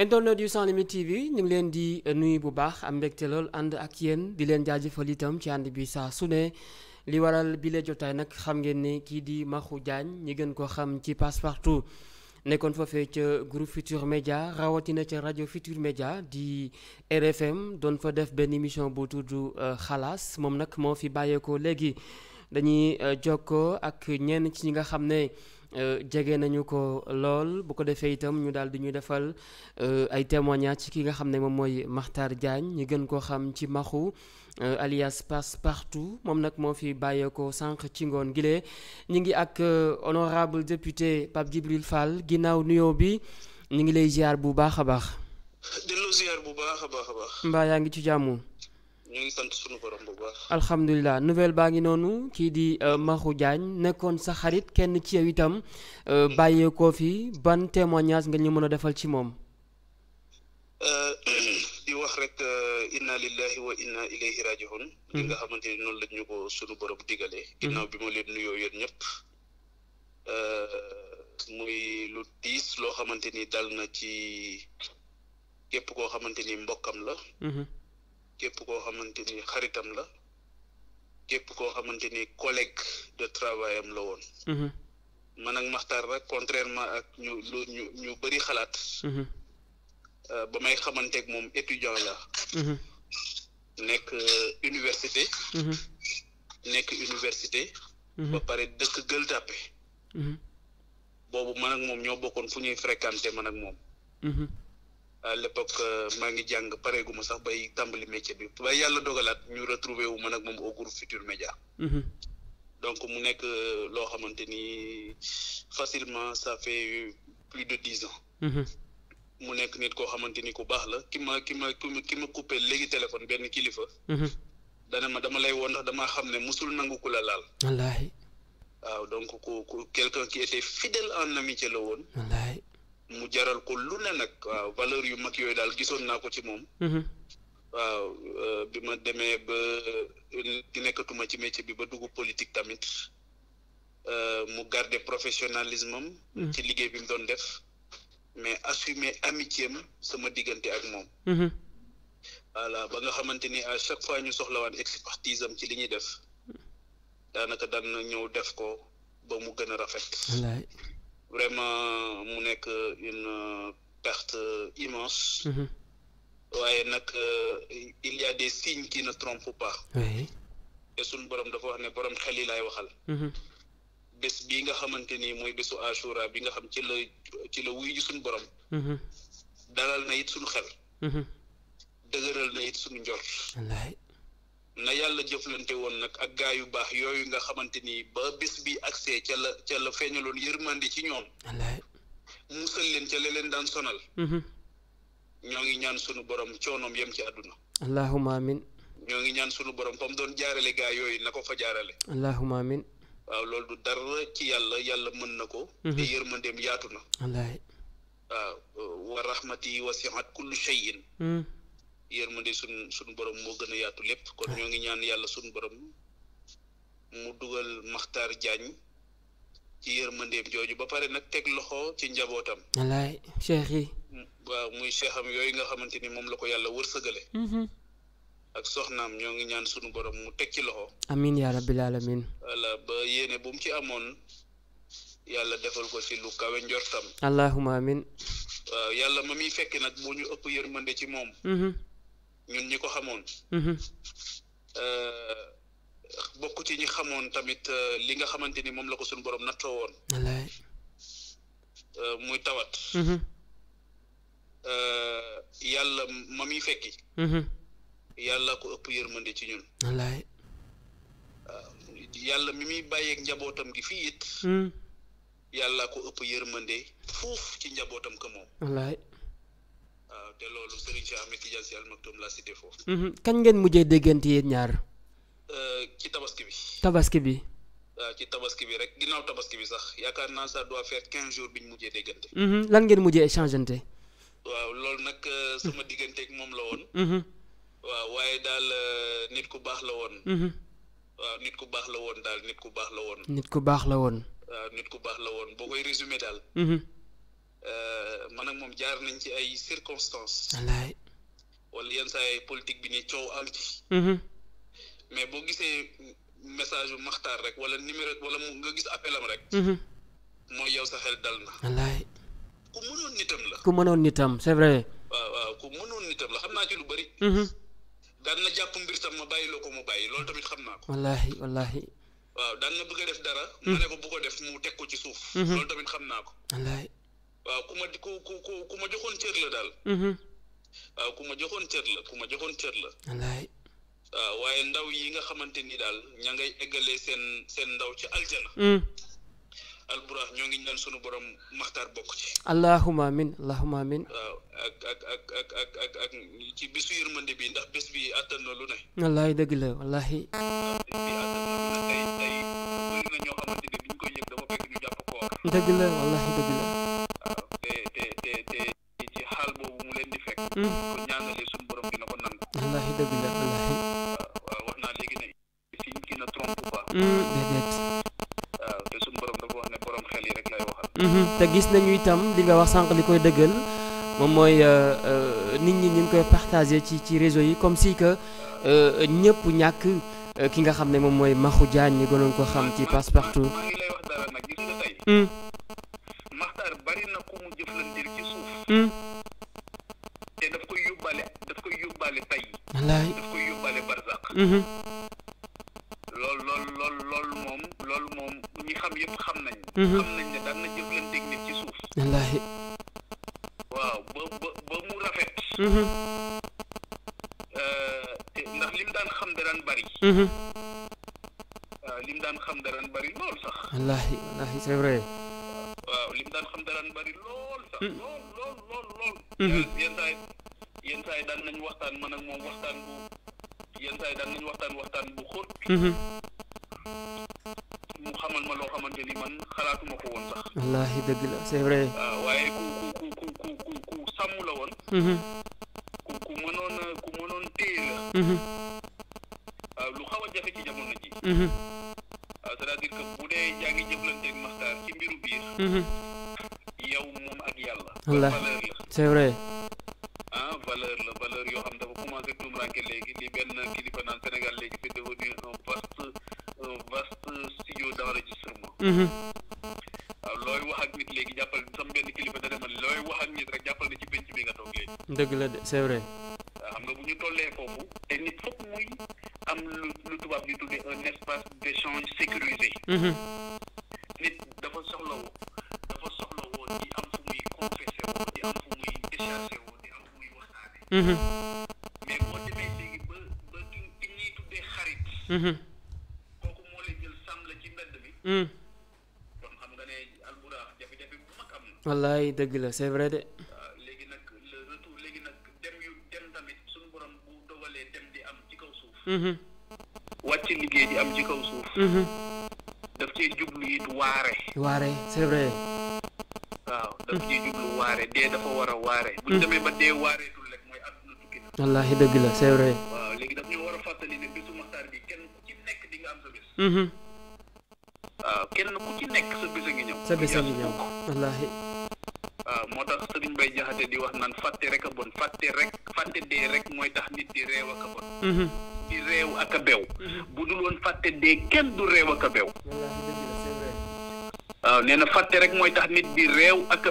internet yu sans limite TV ñu ngi leen di eh, nuy bu baax am mbégte ànd ak yéen di leen jaajëfal itam ci ànd bi saa su ne li waral bile jotaay nag xam ngeen ne kii di maxu Diagne ñi gën koo xam ci Passepartout nekkoon foofee ca groupe Futur Média rawatina ca rajo Futur Média di RFM doon fa def benn émission bu tudd eh, xalaas moom nag moo fi bàyyeekoo léegi dañuy eh, jokkoo ak ñenn ci ñi nga xam ne. Euh, jege nañu ko lool bu ko defee itam ñu daal di ñu defal euh, ay témoignage ci ki nga xam ne moom mooy Makhtar Diagne ñi gën koo xam ci Maxu euh, alias Passe Partout moom nag moo fi bàyyeekoo sànq ci ngoon gilee ñu ngi ak honorable député Pape Djibril Fall ginnaaw nuyoo bi ñu ngi lay ziar bu baax a baax. delloo ziar bu baax a baax a baax. mbaa yaa ngi ci jàmm. ñu ngi sant sunu borom bu baax. alhamdulilah nouvelle baa ngi noonu kii di euh, Makhou jaañ nekkoon sa xarit kenn ci yow itam euh, bàyyeekoo fi ban témoignage nga ñu mën a defal ci moom. Euh, di wax rek inna lillahi wa inna ilayhi rajiun hmm. li nga xamante ni noonu la ñu ko sunu borom digalee. Hmm. ginnaaw bi ma leen nuyoo yéen ñëpp. muy lu diis loo xamante ni dal na ci képp koo xamante ni mbokkam la. Hmm. képp koo xamante ni xaritam la képp koo xamante ni collègue de travail am la woon mhm. man ak Maxtaar rek contrairement ak ñu lu ñu ñu bëri xalaat mhm. euh, ba may xamanteeg moom étudiant la mhm. euh, nekk université nekk université ba pare dëkk Gueule Tapée boobu man ak moom ñoo bokkoon fu ñuy fréquenté man ak moom à l'époque euh, maa ngi jàng pareeguma sax bay tàmbali métier bi ba yàlla dogalaat ñu retrouver wu man ak moom au groupe Futur Média mm-hmm. donc mu nekk euh, loo xamante ni facilement ça fait plus de dix ans mm-hmm. mu nekk nit koo xamante ni ku baax la ki ma ki ma ki ma coupé léegi téléphone benn kilifa mm-hmm. dana ma dama lay ma ndax dama xam ne musul nangu ku la laal wallaahi waaw donc ku ku quelqu'un qui était fidèle en amitié la woon wallaahi mu jaral ko lu ne nag waaw valeur yu mag yooyu daal gisoon naa ko ci moom mhm. waaw euh, bi ma demee ba euh, di nekkatuma ci métier bi ba dugg politique tamit euh, mu garder professionnalisme am mhm. ci liggéey bi mu doon def mais assumer amitié am sama diggante ak moom mhm. voilà ba nga xamante ni à chaque fois ñu soxlawaan expertise am ci li ñuy def daanaka daan na ñëw def ko ba mu gën a rafet vraiment mu nekk une euh, perte euh, immense. Mhm. waaye nag euh, il y a des signes qui ne trompent pas. te suñ borom dafa wax ne borom xel yi laay waxal. Mhm. bés bii nga xamante ni mooy bésu Ashura bi nga xam ci la ci la wuy ji suñ borom. Mhm. dalal na it suñu xel. dëgëral na it suñu njort. na yàlla jëflante woon nag ak gaa yu baax yooyu nga xamante ni ba bés bi agsee ca la ca la feeñaloon yërmande ci ñoom musal leen ca la leen daan sonal mm-hmm. ñoo ngi ñaan sunu borom coonoom yem ci àdduna allahuma amin ñoo ngi ñaan sunu borom fa mu doon jaarale gaa yooyu na ko fa jaarale allahuma amin waaw loolu du dara ci yàlla yàlla mën na ko mm-hmm. te yërmandeem yaatu na waaw wa rahmati wasiat kullu shay'in mm-hmm. yërmande suñ suñu borom moo gën a yaatu lépp kon ñoo ngi ñaan yàlla suñu borom mu dugal maxtar Jaañ ci yërmandeem jooju ba pare nag teg loxo ci njabootam wallaay mm, muy cheikham yooyu nga xamante ni moom la ko yàlla wërsëgale mm-hmm. ak soxnaam ñoo ngi ñaan suñu borom mu teg ci loxo amin yaa rabbil ci amoon yàlla defal ko ci lu kawe allahuma amin waaw yàlla ma muy fekk nag moo ñu ëpp yërmande ci moom mm-hmm. ñun ñi ko xamoon mm-hmm. euh, bokk ci ñi xamoon tamit euh, li nga xamante ni moom la ko suñu borom nattoo woon euh, muy tawat mm-hmm. yàlla ma muy fekki mm-hmm. yàlla ko ëpp yërmande ci ñun wallaay yàlla mi muy bàyyeeg njabootam gi fii it mm. yàlla ko ëpp yërmande fuuf ci njabootam ka moom wallaay te loolu Serigne Cheikh Ahmed Tidiane Sy Al Maktoum laa cité foofu. Mhm. kañ ngeen mujjee déggante yéen ñaar. Euh, ci tabaski bi. tabaski bi. waaw ci tabaski bi rek ginnaaw tabaski bi sax yaakaar naa ça doit faire quinze jours biñ mujjee déggante. Mhm. lan ngeen mujjee échangeante. waaw loolu nag euh, sama digganteeg moom la woon. Mhm. waaw waaye daal euh, nit ku baax la woon. waaw ku baax la woon daal nit ku baax la woon. nit ku baax la woon. waaw nit ku baax la woon boo koy résumé daal. Euh, man ak moom jaar nañ ci ay circonstances. wallaay wala yenn saa yi politique bi ni coow am ci. Mm-hmm. mais boo gisee message bu maxtaar rek wala numéro wala nga gis appel am rek. Mm-hmm. mooy yow sa xel dal na. wallaay ku mënoon nitam la. ku mënoon nitam c'est vrai. waaw waaw ku mënoon nitam la xam naa lu bari. Mm-hmm. daan na jàpp mbir tam ma bàyyi loo ko mu bàyyi loolu tamit xam naa ko. wallaahi wallaahi. waaw daan na bëgg a def dara. ma ne ko bu def mu teg ko ci suuf. loolu tamit xam naa ko. wallaahi. waaw ku ma di ku ku ku ma joxoon cër la daal. Mhm. waaw ku ma joxoon cër la ku ma joxoon cër la. wallaay. waaw waaye ndaw yi nga xamante ni daal ña ngay eggalee seen seen ndaw ci aljana. Mm. alburax ñoo ngi ñaan sunu borom maxtaar bokk ci. allahumma amin allahumma amin. waaw ak ak ak ak ak ak ci bisu yërmande bi ndax bés bi àttan na lu ne. la wallaahi. dëgg la wallaahi dëgg la. nañu itam li nga wax sànq li koy dëggal moom mooy euh, euh, nit ñi ñu ngi koy partagé ci ci réseau yi comme si que euh, ñëpp ñàkk ki nga xam ne moom mooy Maxu Jaañ ñi gënoon ko xam ci passe partout. Hmm. Maxtaar bari na ku mu jëflanteel ci suuf. Hmm. Mm-hmm. Euh, ndax lim daan xam da daan bari. waaw mm-hmm. euh, lim daan xam da daan bari lool sax. wallaahi wallaahi c'est vrai. waaw lim daan xam da daan bari lool sax. Mm-hmm. lool lool lool lool. yenn saa yi yenn saa yi daan nañ waxtaan man ak moom waxtaan bu yenn saa yi daan nañ waxtaan waxtaan bu xóot. mu xamal ma loo xamante ni man xalaatuma ko woon sax. wallaahi dëgg la c'est vrai. waaw waaye ku ku ku ku ku ku sàmm la woon. Mm-hmm. waaw looy wax ak nit léegi jàppal sama benn kilifa da demal looy wax ak nit rek jàppal ne ci penc bi nga toog léegi. dëgg la de c'est vrai. xam nga bu ñu tollee foofu te nit foog muy am lu lu tubaab mm-hmm. nit dafa soxlawoo mm-hmm. mais boo demee léegi ba ba ki ñuy tuddee xarit. kooku moo lay jël sàmm la ci mbedd bi. wallaay dëgg la c'est vrai de. léegi nag le léegi nag dem yu dem tamit suñu borom bu dogalee dem di am ci kaw suuf. Mhm. wàcc liggéey di am ci kaw suuf. Mhm. daf cee jublu it waare. waare c'est vrai. waaw daf cee dee dafa war a waare. bu mhm. demee ba dee waareetul rek mooy àdduna tukki na. la c'est vrai. waaw ñu war a fàttali ne bésu maxtaar bi kenn ku ci nekk sa bés. ngi ñëw wallaahi. moo tax sëriñ bay jaxate di wax naan fàtte rek a bon fàtte rek fàtte dee rek mooy tax nit di réew ak a bon mhm. di réew ak a bew bu dul fàtte dee kenn du réew ak a bew na fàtte rek mooy tax nit di réew ak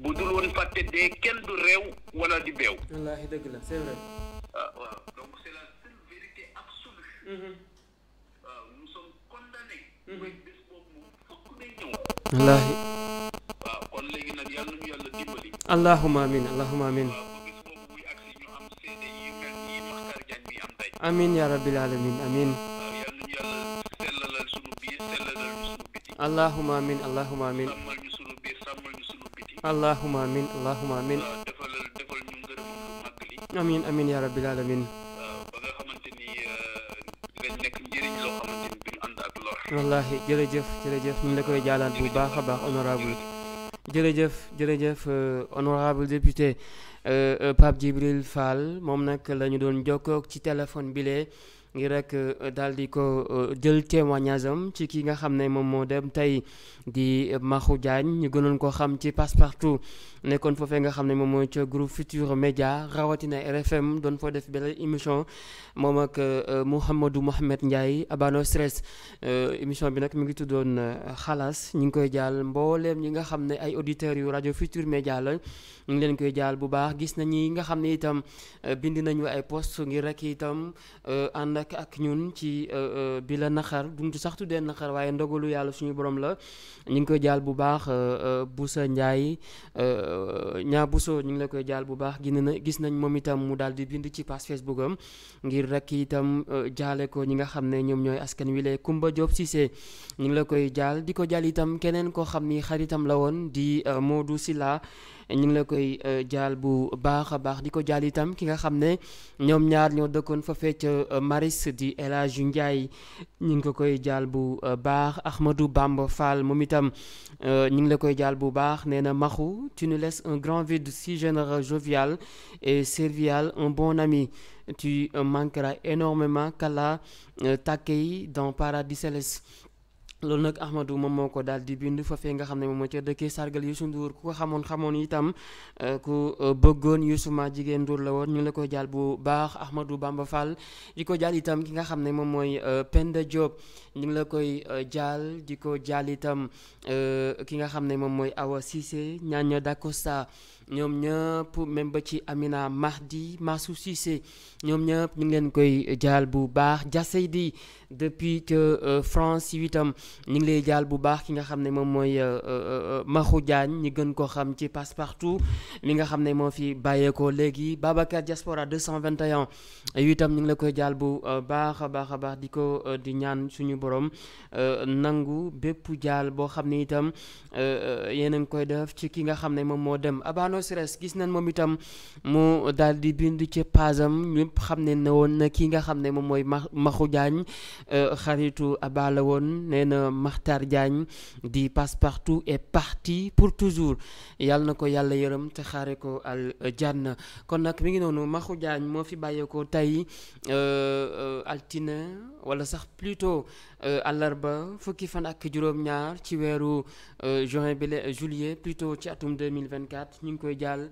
bu dul woon fàtte dee kenn du réew wala di beew. wallaahi dëgg allahuma amin allahuma amin amin amin allahuma amin allahuma amin amin allahuma amin amin amin ya rabbil alamin wallahi jërëjëf jërëjëf la koy jaalaat bu baax a baax honorable jërëjëf jërëjëf euh, honorable député euh, euh, Pape Djibril Fall moom nag la ñu doon jokkoog ci téléphone bile. ngir rek euh, daal di ko euh, jël témoignage am ci ki nga xam ne moom moo dem tey di Maxu jaañ ñu gënoon ko xam ci Passepartout nekkoon foofee nga xam ne moom mooy ca groupe Futur Média rawatina RFM doon foo def benn émission moom ak euh, Mouhamadou Mohamed Ndiaye Abano Stress émission bi nag mi ngi tuddoon xalaas ñu ngi koy jaal mbooleem ñi nga xam ne ay auditeurs yu rajo Futur Média la ñu leen koy jaal bu baax gis nañu ñi nga xam ne itam bind nañu ay post ngir rek itam ànd nekk ak ñun ci euh, euh, bi la naxar duñ sax tuddee naxar waaye ndogalu yàlla suñu borom la ñu ngi koy jaal bu baax euh, Boussa Ndiaye ñaa Bousso ñu ngi la koy jaal bu baax gis na gis nañ moom itam mu daal di bind ci page Facebook am ngir rek itam jaale ko ñi nga xam ne ñoom ñooy askan wi lee Kumba Diop Cissé ñu ngi la koy jaal di ko jaal itam keneen koo xam ni xaritam la woon di Modou Silla ñu ngi la koy jaal bu baax a baax di ko jaal itam ki nga xam ne ñoom ñaar ñoo dëkkoon fa fecc mari journaliste di El Hadji Ndiaye ñu ngi ko koy jaal bu euh, baax Ahmadou Bamba Fall moom itam euh, ñu ngi la koy jaal bu baax nee na Maxu tu nous laisses un grand vide si général jovial et servial un bon ami tu euh, manqueras énormément qu'Allah t'accueille dans paradis loolu nag Ahmadou moom moo ko daal di bind foofee nga xam ne moom moo ca dëkkee sargal Youssou Ndour ku ko xamoon xamoon itam euh, ku euh, bëggoon Youssou ma jigéen Ndour la woon ñu la ko jaal bu baax Ahmadou Bamba Fall di ko jaal itam ki nga xam ne moom mooy euh, Penda Diop ñu ngi la koy jaal di ko jaal itam ki nga xam ne moom mooy Awa Cissé ñaan Dacosta ñoom ñëpp même ba ci Amina Mahdi Massou Cissé ñoom ñëpp ñu ngi leen koy jaal bu baax Jaseydi depuis que euh, France yi itam ñu ngi lay jaal bu baax ki nga xam ne moom mooy euh, euh, Maxu Diagne ñi gën ko xam ci Passepartout mi nga xam ne moo fi bàyyeekoo léegi Babacar Diaspora 221 yu itam ñu ngi la koy jaal bu baax a baax a baax di ko di ñaan suñu borom nangu bépp jaal boo xam ne itam yéen a ngi koy def ci ki nga xam ne moom moo dem abano no gis nañ moom itam mu daal di bind ci paasam ñëpp xam ne ne woon na kii nga xam ne moom mooy Maxu jaañ euh, xaritu Abba woon nee na Maxtar Diagne di Passepartout est parti pour toujours yàlla na ko yàlla yërëm te xaare ko al janna kon nag mi ngi noonu Maxu Diagne moo fi bàyyeekoo tey. Euh, euh, altine wala sax plutôt euh, àllarba fukki fan ak juróom-ñaar ci weeru euh, juin bi juillet plutôt ci atum deux mille vingt quatre ñu ngi koy jàll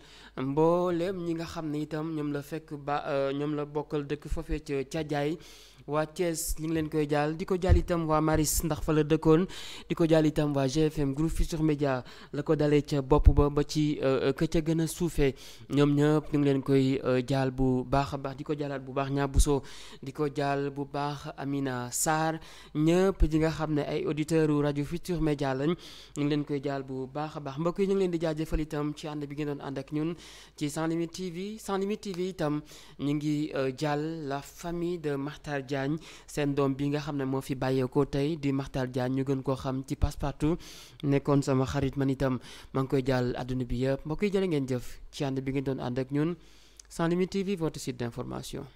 mbooleem ñi nga xam ne itam ñoom la fekk ba euh, ñoom la bokkal dëkk foofee ca Caajaay waa Thiès ñu ngi leen koy jaal di ko jaal itam waa Maris ndax fa la di ko jaal itam waa GFM groupe Futurs média la ko dalee ca bopp ba ba ci euh, ka ca gën a suufee ñoom ñëpp ñu ngi leen koy euh, jaal bu baax a baax di ko jaalaat bu baax ñaa soo di ko jaal bu baax Amina Sarr ñëpp di nga xam ne ay auditeurs u rajo Futurs Médias lañ ñu ngi leen koy jaal bu baax a baax mbokk yi ñu ngi leen di jëfal itam ci ànd bi ngeen doon ànd ak ñun ci ci Limites TV Sans Limites TV itam ñu ngi euh, jaal la famille de Makhtar Dia Diagne seen doom bi nga xam ne moo fi bàyyeekoo tey di Makhtar Diagne ñu gën koo xam ci Passepartout nekkoon sama xarit man itam maa ngi koy jàll àdduna bi yëpp mbokk yi jërë ngeen jëf ci ànd bi ngeen doon ànd ak ñun sans limite TV votre site d'information